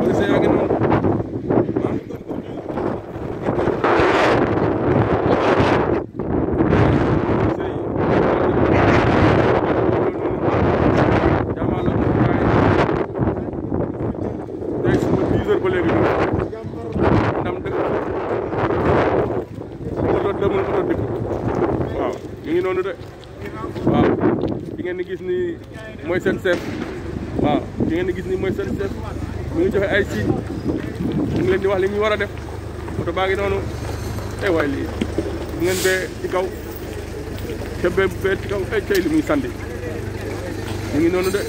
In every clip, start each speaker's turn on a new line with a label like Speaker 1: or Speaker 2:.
Speaker 1: waaw bi ngeen di gis ni mooy seen chef waaw bi ngeen di gis ni mooy seen chef mu ngi joxe ay siñ mu ngi leen di wax li ñu war a def oto baa ngi noonu ay eh waay lii bu ngeen bee ci kaw te bee bee ci kaw eh, ay tey li muy sandi mu ngi noonu de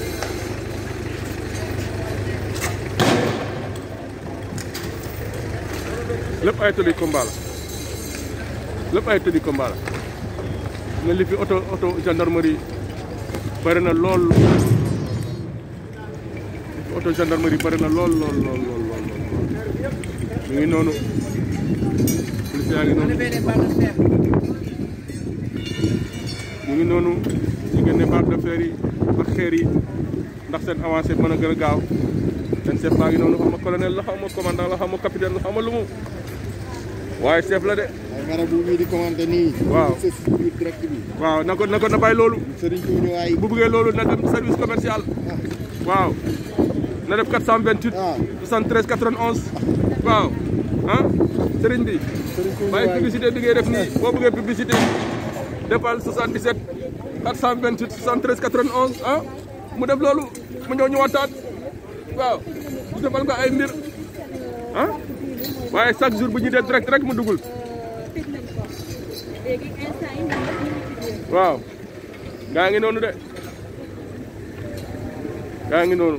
Speaker 1: lépp ay tëddi combat la lépp ay tëddi combat nga li oto oto gendarmerie bari na lool oto gendarmerie bëri na lool lool lool lool lool mu ngi noonu policier yaa ngi noonu mu ngi noonu ñu génne barre de fer yi ak xeer yi ndax seen avancée mën a gën a gaaw seen chef baa ngi noonu xaw ma colonel la xaw ma commandant la xaw ma capitaine la xaw ma lu mu waaye chef la de. waaye marabu bii di commandé nii. waaw sës biir direct bi. waaw na ko na ko na bàyyi loolu. Serigne Thioune waay bu bëggee loolu na dem service commercial. Ah. waaw. na def 428. waaw 73 91. waaw ah sëriñ bi. sëriñ bi waaye publicité bi ngay def nii boo bëggee publicité defal 77 428 73 91 ah mu def loolu mu ñëw ñu waxtaan waaw ñu defal ko ay mbir ah waaye chaque jour bu ñu dee direct rek mu dugul waaw gaa ngi noonu de gaa ngi noonu.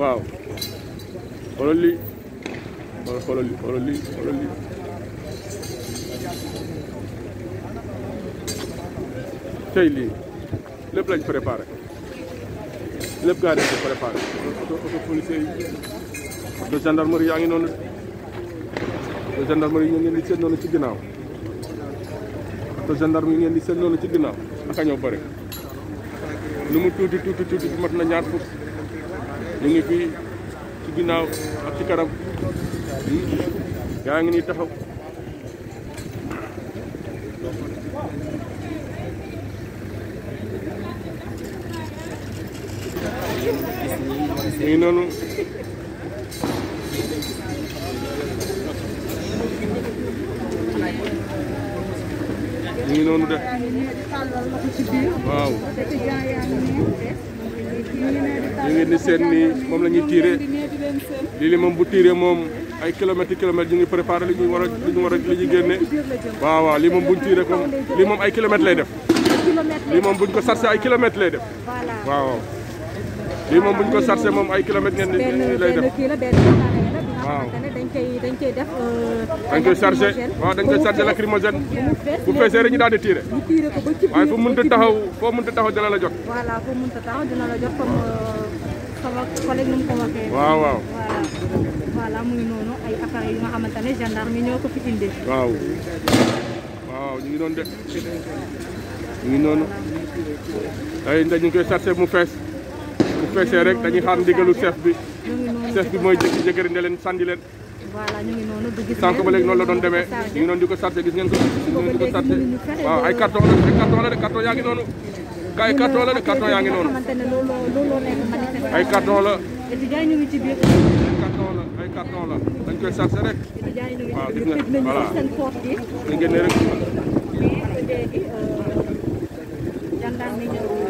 Speaker 1: waaw xoolal lii xoolal lii xoolal lii xoolal lii lépp lañ préparé lépp gaa dañ ko préparé oto oto yi oto gendarmerie yaa ngi noonu oto gendarmerie yi ngeen di seet noonu ci ginnaaw oto gendarmerie yi ngeen di seet noonu ci ginnaaw ak a ñoo bëri lu mu tuuti tuuti tuuti mat na ñaar fukk ñu ngi fii ci ginnaaw ak ci kanam gaa ngi nii taxaw muy noonu muy noonu de waaw li ngeen di seen ni moom lañuy ñuy tiire lii li moom bu tiire moom ay kilomètres kilomètres ñu ngi préparé li ñu war a li ñu war a li ñu génne waaw waaw lii moom buñ tiire comme lii moom ay kilomètres lay def lii moom buñ ko sarse ay kilomètres lay def waaw waaw lii moom buñ ko sarse moom ay kilomètres ngeen lay def waaw dañ koy dañ koy def dañ uh, koy chargé waaw dañ koy chargé lacrymogène bu feesee rek ñu di tiré fu mënta taxaw foo mënta taxaw dina la jot voilà foo mënta taxaw dina la jot comme sama euh, collègue num ko waxee waaw waaw voilà muy noonu ay appareil yu nga xamante ne gendarme yi ñoo ko fi indi waaw waaw ñu ngi doon de ñu ngi noonu ay bu feesee rek dañuy xaar ndigalu chef bi chef bi mooy jëkki jëkkëri ne leen sandi leen voilà ñu ngi ba sànq léegi noonu la doon demee ñu ngi noonu di ko sarté gis ngeen ko gis waaw ay carton la ay carton de carton yaa ngi noonu ay carton la de carton yaa ngi noonu ay carton la étudiant ñu ngi la dañ koy sarté rek waaw gis ngeen voilà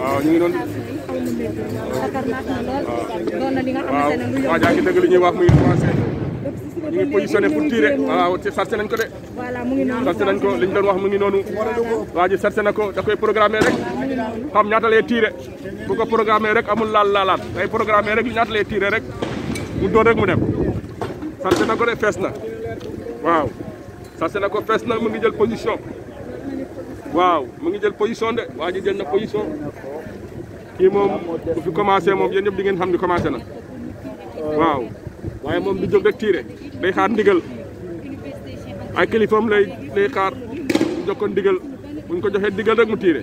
Speaker 1: waaw ñu ngi doon. waaw waaw jaa ngi li ñuy wax muy avancé. ñu nañ ko de. sarse nañ ko doon wax mu ngi noonu. waa ji sarse na rek. xam ñaata lay tirer bu rek amul laal laalaat day programmé rek ñaata lay rek mu door rek mu dem. sarse na ko de fees na waaw sarse na ko fees jël position. waaw mu ngi jël position de waa ji jël na position kii moom bu fi commencé moom yen ñëpp di ngeen xam ni commencé na waaw waaye moom du jóg rek tiire day xaar ndigal ay kilifaam lay lay xaar mu jox ko ndigal buñ ko joxee ndigal rek mu tiire.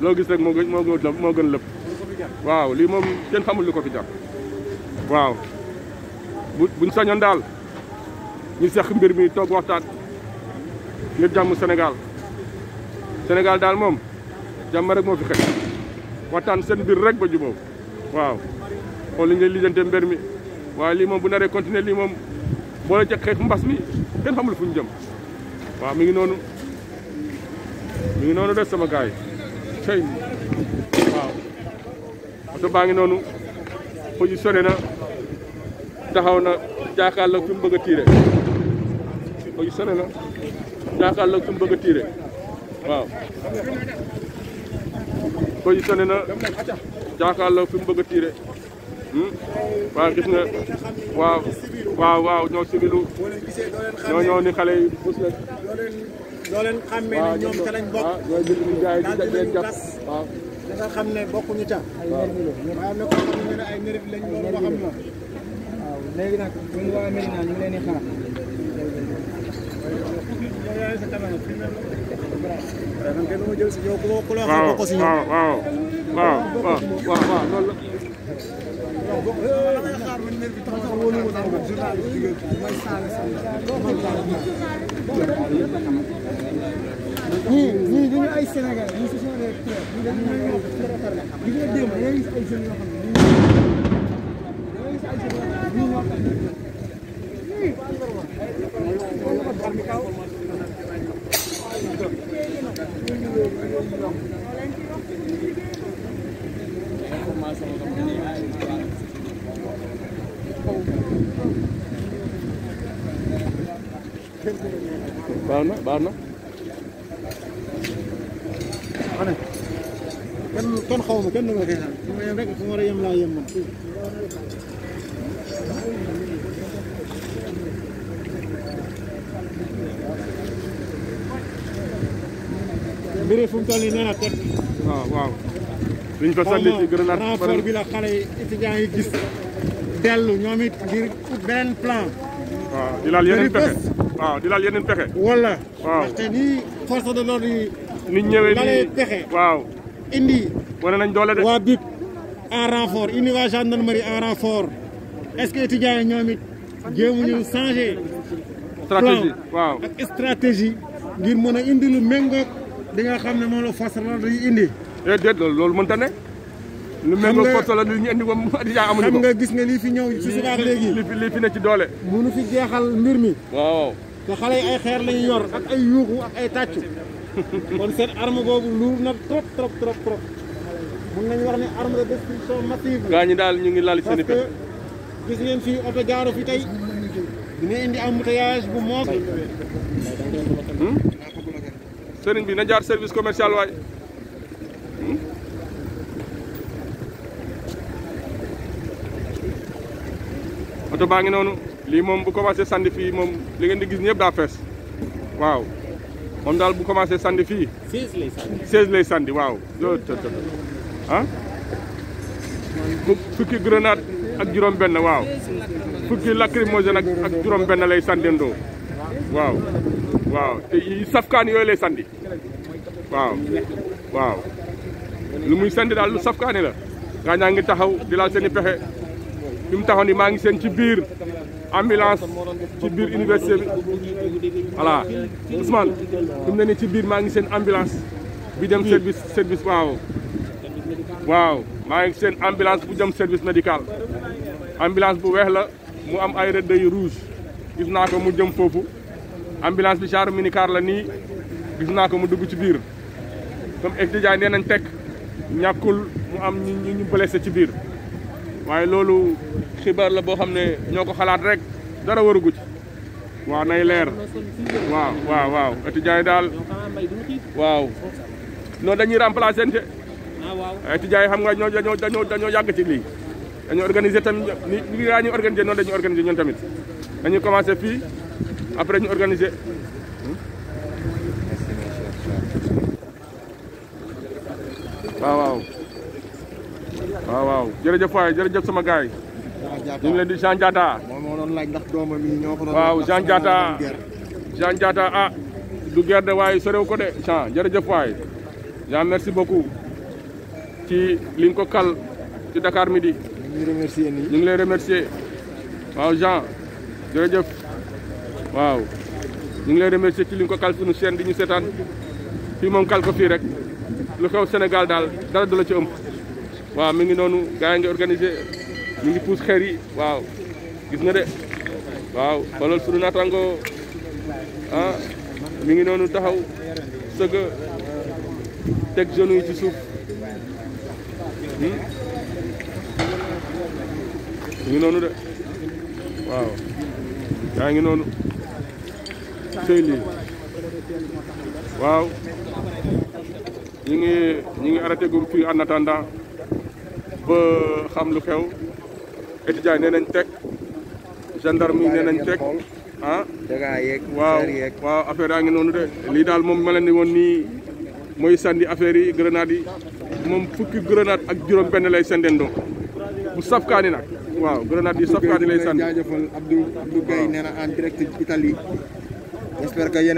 Speaker 1: loo gis rek moo gën moo gën moo gën lépp waaw lii moom kenn xamul lu ko fi jar waaw bu buñ daal ñu seq mbir mi toog waxtaan ngir jàmm senegal Sénégal daal moom jàmm rek moo fi xëy waxtaan seen biir rek ba jubóo waaw xool li ngay lijjante mi waaye li moom bu naree continuer lii moom boole ca xeex mbas mi kenn xamul fu ñu jëm waaw mi ngi noonu mi ngi noonu des sama gars yi sëy waaw oto baa ngi noonu xuj sori na taxaw na jàkkaarloog fi mu bëgg a tiire xuj sori na jàkkaarloog fi mu bëgg tiire waaw xuj sori na jàkkaarloog fi mu bëgg a tiire hmm? waaw gis nga waaw waaw waaw ñoo sibilu ñoo ñoo ni xale loo leen xàmmee ne ñoom ca lañ bokk daal xam ne bokkuñu ca waaye am na ko xam ne ay nerf lañ na waaw xaar gis na kon xaw ma kenn du ma koy naan rek fu ma war a yem laa yem man. mbir yi fu mu toll nii nee waaw waaw. liñ ko sànni ci grenade xale yi étudiants yi gis. dellu ñoom it plan. di laal yeneen pexe pexe. wala. waaw ndaxte nii de l'ordre yi. nit ñëwee nii waaw wane nañ doole de. waa BIP en renfort UNIVA gendarmerie en renfort est-ce que étudiants yi ñoom it jéem ñu changé. stratégie waaw ak stratégie ngir mën a indi lu méngóog di nga xam ne moom la force la dañuy indi. déedéet loolu loolu mënta ne. lu méngóog force la ñu indi ko étudiants amuñu ko xam nga gis ne lii fi ñëw ci léegi. lii fi lii ne ci doole. mënu fi jeexal mbir mi. waaw. te xale yi ay xeer lañu yor ak ay yuuxu ak ay tàccu kon seen arme boobu luur na trop trop trop. mun nañu ñi daal ñu ngi laal seen gis ngeen fii oto jaaro fi tey dina indi embouteillage bu moom. Hmm? sëriñ bi na jaar service commercial waay. Hmm? oto baa ngi noonu lii moom bu commencé sandi fii moom li ngeen di gis ñëpp daa fees waaw moom daal bu commencé sandi fii. 16 lay lay sandi waaw. ah fukki grenade ak juróom benn waaw fukki lacrymogène ak ak juróom benn lay sandendoo waaw waaw te yi safkaan yooyu lay sandi waaw waaw lu muy sandi daal lu safkaani la gaa ngi taxaw di laal seen pexe fi mu taxaw ni maa ngi seen ci biir ambulance ci biir université bi voilà Ousmane ne nii ci biir maa ngi seen ambulance bi dem service waaw waaw maa ngi seen ambulance bu jëm service médical ambulance bu weex la mu am ay rëdd yu rouge gis naa ko mu jëm foofu ambulance bi genre minicar la nii gis naa ko mu dugg ci biir comme étudiant ne nañ teg ñàkkul mu am ñu ñu blessé ci biir waaye loolu xibaar la boo xam ne ñoo ko xalaat rek dara warugu ci waaw nay leer waaw waaw waaw étudiant daal waaw non dañuy remplacer étudiants ah, yi eh, xam nga ñoo dañoo dañoo dañoo ci organiser tam ni ni ñu organiser non dañu organiser ñun tamit dañu après ñu organiser hmm? waaw waaw waaw waaw jërëjëf di Jean doon ah du guerre de sorew ko de Jean jërëjëf waay Jean merci beaucoup ci liñ ko kal ci Dakar Midi. ñu ngi remercier lay remercier waaw Jean jërëjëf waaw ñu ngi lay remercier ci liñ ko kal suñu seen di ñu seetaan fii moom kal ko fii rek lu xew Sénégal daal dara du la ci ëmb waaw mi ngi noonu gars yi ngi ngi puus xeer yi waaw gis nga de waaw xoolal suñu naataango ah mi ngi noonu taxaw sëgg teg genou yi ci suuf. mu ngi noonu de waaw yaa ngi noonu sëy lii waaw ñi ngi ñi ngi arrêté groupe fii en attendant ba xam lu xew étudiants yi nañ teg gendarme yi nañ teg ah waaw waaw affaire yaa ngi noonu de lii daal moom ma leen di woon nii mooy sànni affaire yi grenade moom fukki grenade ak juróom benn lay sendendoo bu safkaani nag waaw grenade yi safkaani lay sànni jaajëfal Abdou Abdou Gueye nee na en direct Italie j'espère